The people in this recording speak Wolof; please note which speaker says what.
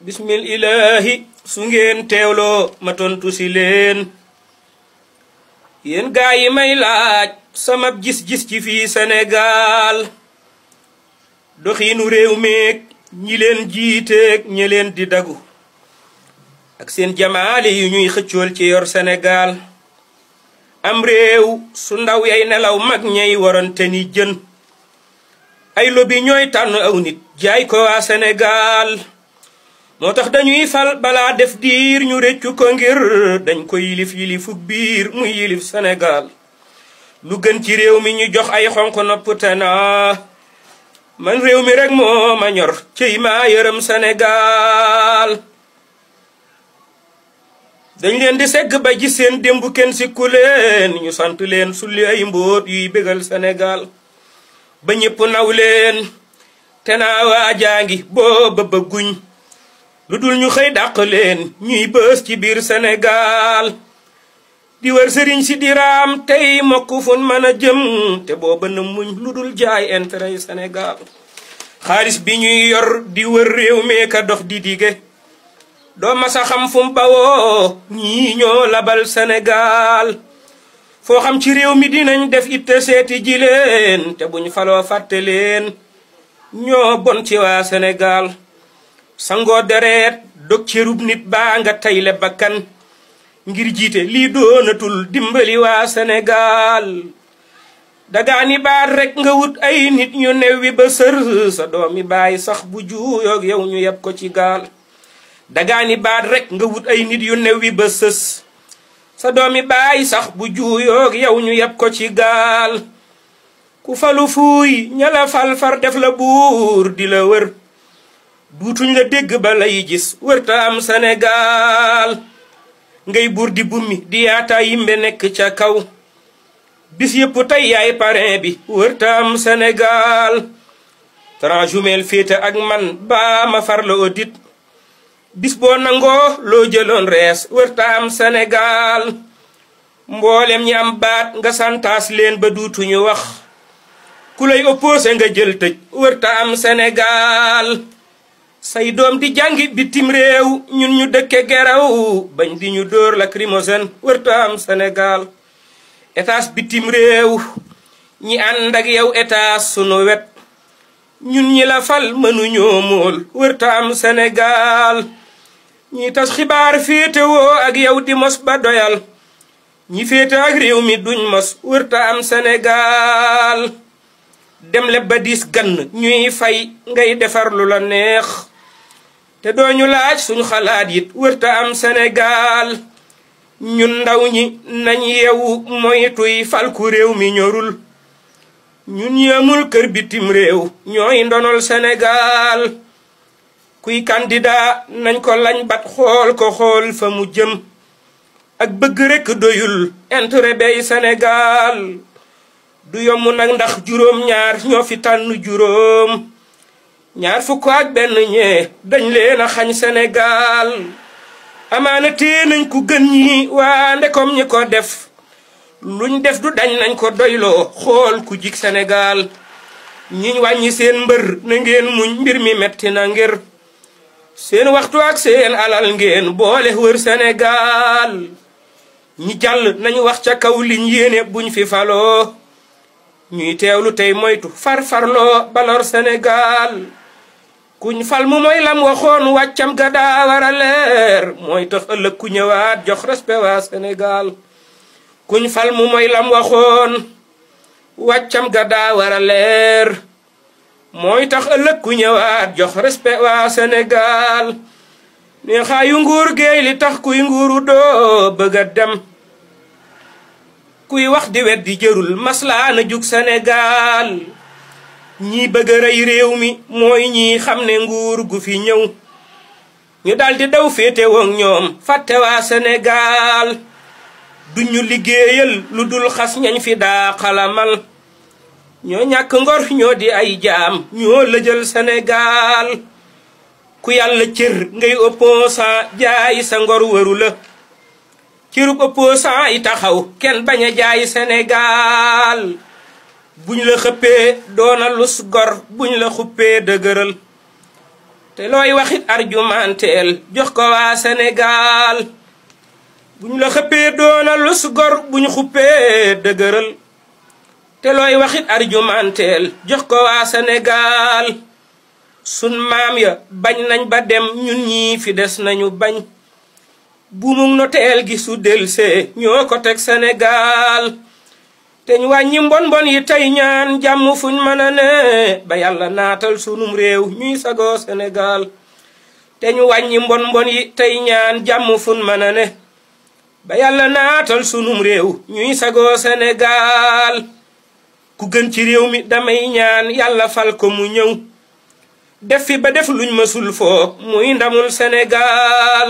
Speaker 1: bismil ilaahi su ngeen teewloo ma tontu si leen yenn gaa yi may laaj sama gis-gis ci fii Sénégal doxiinu réew meeg ñi leen jiiteeg ñi leen di dagu ak seen jamaale yu ñuy xëccool ci yor senegaal am réew su ndaw yay nelaw mag ñay warante ni jën ay lobi ñooy tànn aw nit jaay ko waa Sénégal moo tax dañuy fal balaa def diir ñu réccu ko ngir dañ ko yilif yilifu biir muy yilif Sénégal lu gën ci réew mi ñu jox ay xonq nopp tena man réew mi rek moo ma ñor ciy maa yërëm Sénégal dañ leen di segg ba gis seen démb kenn sikku leen ñu sant leen sulli ay mbóot yuy bégal senegal ba ñépp naw leen te naa waajaangi booba bëgguñ Ludul ñu xey dàq leen ñuy bës ci biir Sénégal di wër sëriñ si diraam tay mokk fuñ mëna jëm té booba na muñ ludul jaay intérêt Sénégal bi ñuy yor di wër réew mé ka dox di do ma masa xam fu mbawo ñi ñoo labal Sénégal fo xam ci réew mi dinañ def ité séti ji leen te buñ falo fàtte leen ñoo bon ci wa Sénégal sangoo dok ci rub nit ba nga tayle bakkan ngir jiite lii doonatul dimbali waa senegal dagaani ba rek nga wut ay nit ñu newi ba seur sa doomi bay sax bu juuyoog yow ñu yeb ko ci gaal dagaani ba rek nga wut ay nit yu newi ba seus sa doomi bay sax bu juuyoog yow ñu yeb ko ci gal ku falu fuy ñala far def la bur di la wër butuñ la dégg ba lay gis wërta am Sénégal ngay bur di bummi di yaataa yimbe nekk ca kaw bis yépp tey yaay parrain bi wërta am Sénégal transhumel féete ak man baa ma farlo la audit bis boo nangoo loo jëloon rees wërta am Sénégal mboolem ñi am baat nga santaas leen ba duutuñu wax ku lay opposé nga jël tëj wërta am Sénégal say doom di jàngi bitim réew ñun ñu dëkke geraw bañ di ñu dóor lacrymogène wërta am Sénégal étage bitim réew ñi ànd ak yow étage sunu wet ñun ñi la fal mënuñoo mool wërta am Sénégal ñi tas xibaar féetewoo ak yow di mos ba doyal ñi féete ak réew mi duñ mos wërta am Sénégal dem le ba diis gann ñuy fay ngay defar lu la neex te dooñu laaj suñu xalaat it wërta am Sénégal ñun ndaw ñi nañ yeewu moytuy falku réew mi ñorul ñun yëmul kër bitim réew ñooy ndonol Sénégal kuy kandidaa nañ ko lañ bat xool ko xool fa mu jëm ak bëgg rekk doyul intérêt bay Sénégal du yomb nag ndax juróom ñaar ñoo fi tànn juróom ñaar fukk ak benn ñee dañ leen a xañ Sénégal amaana tee nañ ku gën ñi waa ndekom ñi ko def luñ def du dañ nañ ko doyloo xool ku jig Sénégal ñi wàññi seen mbër na ngeen muñ mbir mi metti na ngir seen waxtu ak seen alal ngeen boole wër Sénégal ñi jàll nañu wax ca kaw liñ yéene buñ fi faloo ñuy teewlu tey moytu far farloo balor Sénégal kuñ fal mu mooy lam waxoon wàccam gada daa war a leer mooy tax ëllëg ku ñëwaat jox respect waa Sénégal kuñ fal mu mooy lam waxoon wàccam gada daa war a leer mooy tax ëllëg ku ñëwaat jox respect waa Sénégal neexaayu nguur géey li tax kuy nguuru doo bëgg a dem kuy wax di wet di jërul jug Sénégal ñii bëgg a rey réew mi mooy ñii xam ne nguur gu fi ñëw ñu daldi daw féete woon ñoom fàtte waa Sénégal ñu liggéeyal lu dul xas ñañ fi daa xalamal ñoo ñàkk ngor ñoo di ay jaam ñoo lëjal Sénégal ku yàlla cër ngay opposant jaay sa ngor waru cir cërub opposant yi taxaw kenn bañ a jaay Sénégal buñ la xëppee doona lus gor buñ la xuppee dëgëral té loy waxit arjumantel jox ko wa Sénégal buñ la xëppee doona lus gor buñ té loy waxit arjumantel jox ko wa Sénégal sun mam ya bañ nañ ba dem ñun ñi fi dess nañu bañ mu gi su ñoko tek Sénégal teñ wàññi mbon mbon yi tey ñaan jàmm fuñ mën a ne ba yàlla naatal sunum réew ñuy sagoo Sénégal te ñu wàññi mbon mbon yi tey ñaan jàmm fuñ mën a ne ba yàlla naatal sunum réew ñuy sagoo Sénégal ku gën ci réew mi damay ñaan yàlla fal ko mu ñëw def fi ba def luñ mësul foog muy ndamul Sénégal